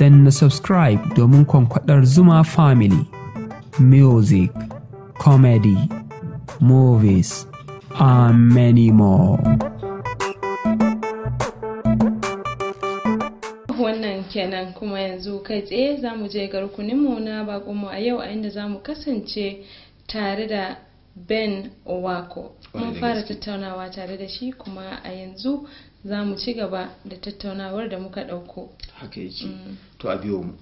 dan na subscribe domin kwankwadar Zuma Family. Music, comedy, movies, and many more. Wannan kenan kuma yanzu kai tsaye za mu je garkuninmu na bakonmu a yau a inda za mu kasance tare da Ben wako Mun fara tattaunawa tare da shi kuma a yanzu za mu ci gaba da tattaunawar da muka ɗauko haka yake mm. to a biyo mu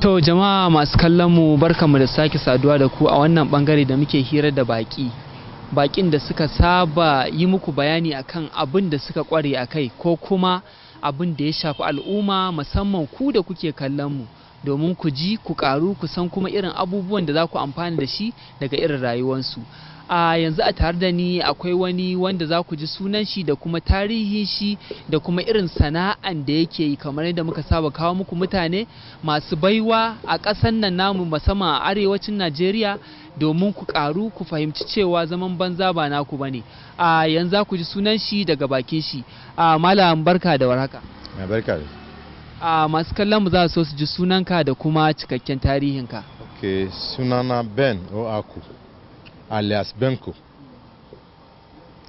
To jama'a masu kallon mu barkamu da sake saduwa da ku a wannan bangare da muke hira da baki. Bakin da suka saba yi muku bayani akan abin da suka kware a kai ko kuma abin da ya shafi al'umma musamman ku da kuke kallon mu domin ku ji ku karu ku san kuma irin abubuwan da za ku amfana da shi daga irin rayuwarsu. a yanzu a tare da ni akwai wani wanda za ku ji sunan shi da kuma tarihin shi da kuma irin sana'an da yake yi kamar yadda muka saba kawo muku mutane masu baiwa a ƙasan nan namu musamman a arewacin najeriya domin ku ƙaru ku fahimci cewa zaman banza ba naku ba ne a yanzu za ku ji sunan shi daga bakin shi a malam barka da warhaka a masu kallon mu za so su ji sunanka da kuma cikakken tarihinka ok sunana ben o aku alias Benko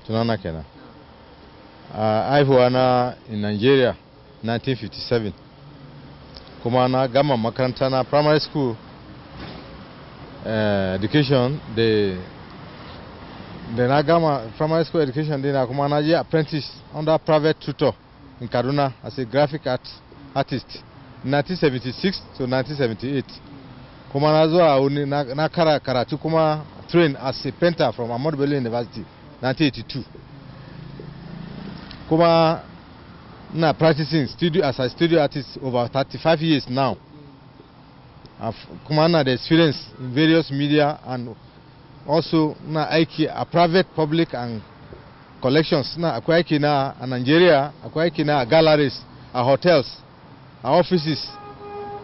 tunana kenan haihuwa ah, na in Nigeria 1957 kuma na gama makaranta na primary school uh, education da de na gama primary school education dina kuma na je apprentice under private tutor in Kaduna as a graphic art artist 1976 to 1978 kuma na zuwa wani na kara karatu kuma train as a painter from Ahmadu Bello University 1982 kuma na practicing studio as a studio artist over 35 years now kuma na da experience in various media and also na aiki a private public and collections na akwai aiki na a Nigeria akwai aiki na a galleries a hotels a offices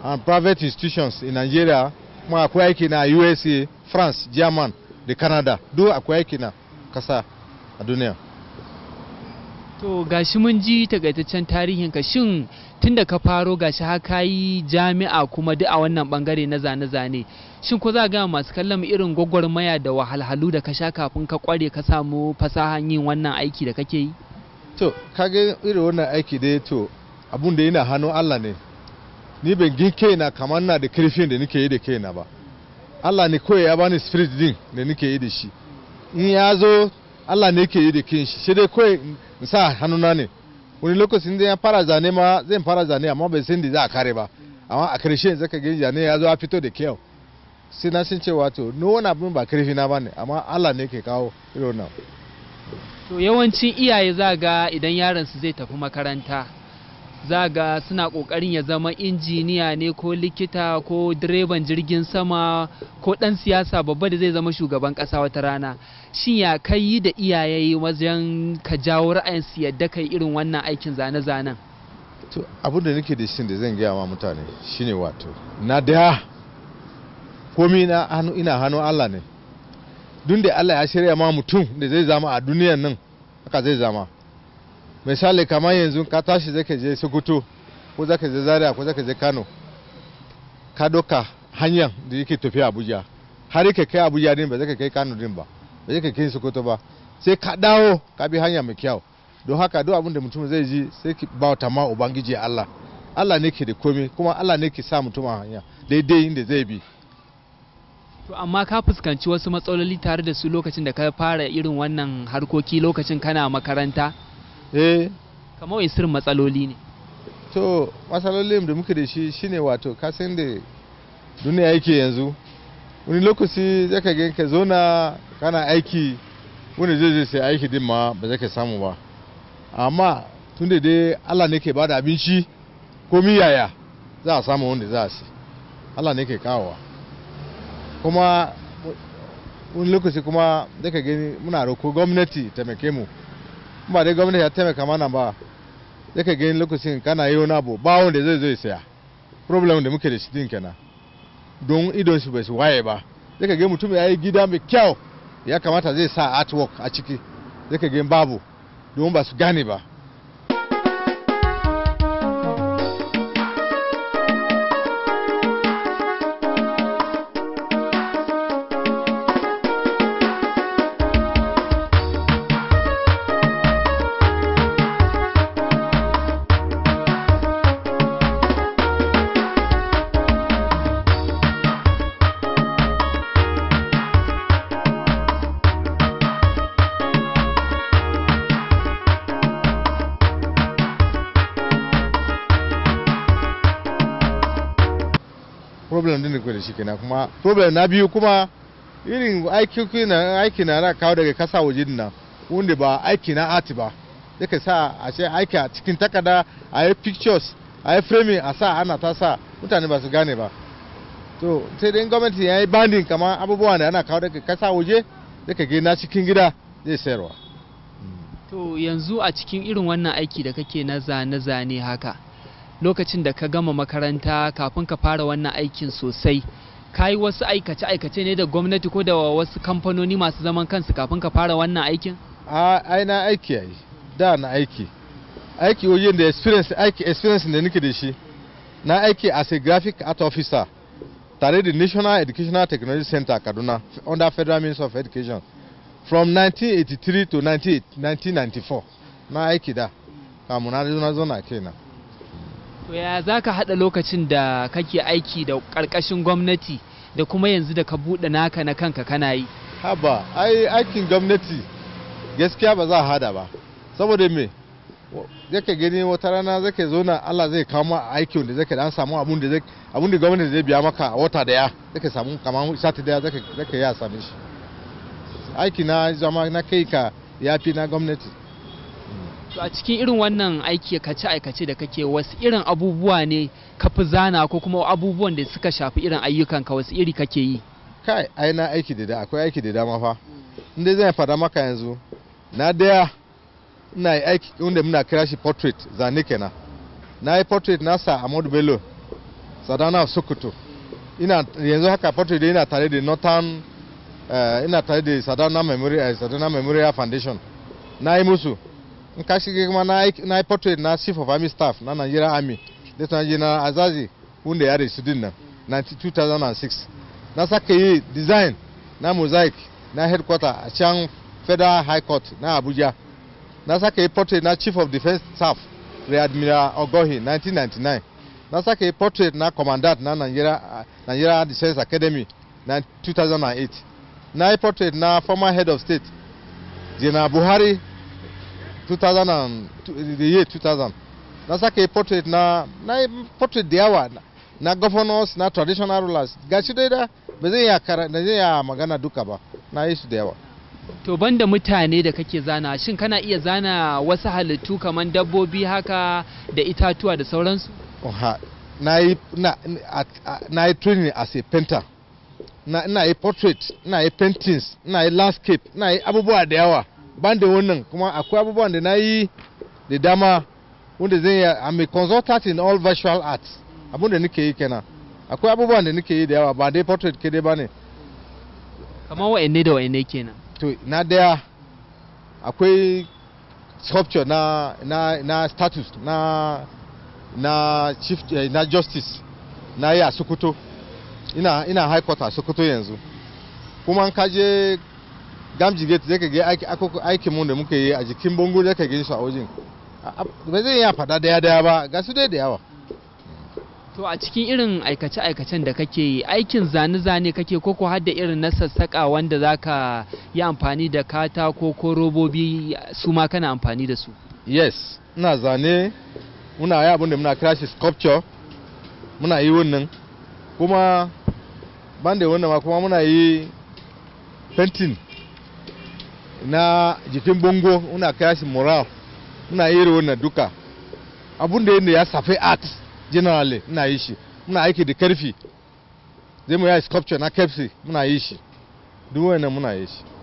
and private institutions in Nigeria kuma akwai aiki na USA, France, German da Canada duk akwai aiki na kasa a duniya. To gashi mun ji takaitaccen tarihin ka shin tun da ka faro gashi haka yi jami'a kuma duk a wannan bangare na zane-zane shin ko za ga masu kallon irin gwagwarmaya da wahalhalu da ka sha kafin ka kware ka samu fasahan yin wannan aiki da kake yi? To kage irin wannan aiki dai to abun da yana hannun Allah ne ni ban gin kaina kamar na da kirfin da nake yi da kaina ba Allah ne kawai ya bani spirit din da nake yi da shi in ya zo Allah ne yake yi da kin shi sai dai kawai in sa hannuna ne wani lokacin da ya fara zane ma zan fara zane amma bai san da za a kare ba amma a karshe ka gani zane ya zo a fito da kyau sai na san cewa to no wani abin ba karfi na bane amma Allah ne ke kawo irin nan to yawancin iyaye za ga idan yaron su zai tafi makaranta za ga suna kokarin ya zama injiniya ne ko likita ko direban jirgin sama ko dan siyasa babba da zai zama shugaban kasa wata rana shin ya kai yi da iyaye wajen ka jawo ra'ayinsu yadda kai irin wannan aikin zane-zanen to abin da nake da shi da zan gaya wa mutane shine wato na da komi na hannu ina hannu Allah ne duk da Allah ya shirya ma mutum da zai zama a duniyar nan haka zai zama misali kamar yanzu ka tashi zaka je sokoto ko zaka je zaria ko zaka je kano ka doka hanyar da yake tafiya abuja har yake kai abuja din ba zai kai kano din ba ba zai kai sokoto ba sai ka dawo ka bi hanya mai kyau don haka duk abin da mutum zai ji sai ki bauta ma ubangiji Allah Allah ne ke da komai kuma Allah ne ke sa mutum a hanya daidai inda zai bi to amma ka fuskanci wasu matsaloli tare da su lokacin da ka fara irin wannan harkoki lokacin kana makaranta eh kamar wani sirrin matsaloli ne to matsalolin da muke da shi shine wato kasan da duniya yake yanzu wani lokaci zai ga ka zona kana aiki wani zai zai sai aiki din ma ba zai ka samu ba amma tun da dai Allah ne ke bada abinci ko miyaya za a samu wanda za a si Allah ne ke kawowa kuma wani lokaci kuma zai ka gani muna roko gwamnati taimake mu ba dai gwamnati ya taimaka mana ba ya ka gani lokacin kana yi wani abu ba wanda zai zai saya problem da muke da shi din kenan don idon shi bai su waye ba ya ka gani mutum ya yi gida mai kyau ya kamata zai sa artwork a ciki ka gani babu don ba su gane ba problem din da shi kenan kuma problem na biyu kuma irin aiki na na kawo daga kasa waje nan wanda ba aiki na art ba yake sa a ce aiki a cikin takada a yi pictures a yi framing a sa ana ta sa mutane ba su gane ba to sai dai gwamnati ya yi bandin kamar abubuwa da ana kawo daga kasa waje daga gina cikin gida zai sayarwa to yanzu a cikin irin wannan aiki da kake na zane-zane haka lokacin da ka gama makaranta kafin ka fara wannan aikin sosai ka yi wasu aikace-aikace ne da gwamnati ko da wasu kamfanoni masu zaman kansu kafin ka fara wannan aikin? a ai na aiki yayi da na aiki aiki wajen da experience aiki experience da nake da shi na aiki as a graphic art officer tare da National Educational Technology Center Kaduna under Federal Ministry of Education from 1983 to 1994 na aiki da kamunan na zo kenan ya za ka haɗa lokacin da kake aiki da ƙarƙashin gwamnati da kuma yanzu da ka buɗe naka na kanka kana yi haba ai aikin gwamnati gaskiya ba za a hada ba saboda me zaka gani wata rana zaka zo na Allah zai kama aikin da zaka dan samu abun da abun da gwamnati zai biya maka wata daya zaka samu kamar sati daya zaka zaka ya same shi aiki na zama na kai ka yafi na gwamnati to a cikin irin wannan aiki kace aikace da kake wasu irin abubuwa ne ka fi zana ko kuma abubuwan da suka shafi irin ayyukan ka wasu iri kake yi kai ai na aiki da akwai aiki da dama fa inda zai fada maka yanzu na daya ina yi aiki inda muna kira shi portrait zane kenan na yi portrait nasa Ahmadu Bello Sadana Sokoto ina yanzu haka portrait ina tare da Northern eh, ina tare da Sadana Memorial eh, Sadana Memorial Foundation na yi musu nkashike kuma na portrait na chief of army staff na Nigeria army da ta na azazi wanda ya rasu na 2006 na saka yi design na mosaic na headquarter a federal high court na abuja na saka yi portrait na chief of defense staff rear admiral ogohi 1999 na saka yi portrait na commandant na nigeria, nigeria defense academy na 2008 na yi portrait na former head of state jena buhari 2000 and, the year 2000 na portrait na na portrait da yawa na governors na traditional rulers ga shi dai da ba zai ya magana duka ba na yi su da yawa to banda mutane da kake zana shin kana iya zana wasu halittu kamar dabbobi haka da itatuwa da sauransu na yi na yi training as a painter na ina yi portrait ina yi paintings ina yi landscape ina yi abubuwa da yawa ban da wannan kuma akwai abubuwan da na yi da dama wanda zai yi i'm a consultant in all virtual arts abun da nake yi kenan akwai abubuwan da nake yi da yawa ba dai portrait ke kadai ba ne kamar wa'anne da wa'anne kenan to na daya akwai sculpture na na na status na na chief eh, na justice na yi a sokoto ina ina high court a sokoto yanzu kuma an kaje gamji gate zai kage ga aikin mu da muka yi a jikin bango zai kage gan shi a wajen ba zai ya faɗa daya daya ba ga su dai da yawa to a cikin irin aikace-aikacen da kake yi aikin zane-zane kake ko har hadda irin na sassaƙa wanda zaka yi amfani da katako ko robobi su ma kana amfani da su yes ina zane muna yi abin da muna kira shi sculpture muna yi wannan kuma ban da wannan ma kuma muna yi painting na jikin bongo muna kaya shi moral muna iri wannan duka abun da ya safi art generally muna yi shi muna aiki da karfi zai mu ya sculpture na kepsi muna yi shi duk muna yi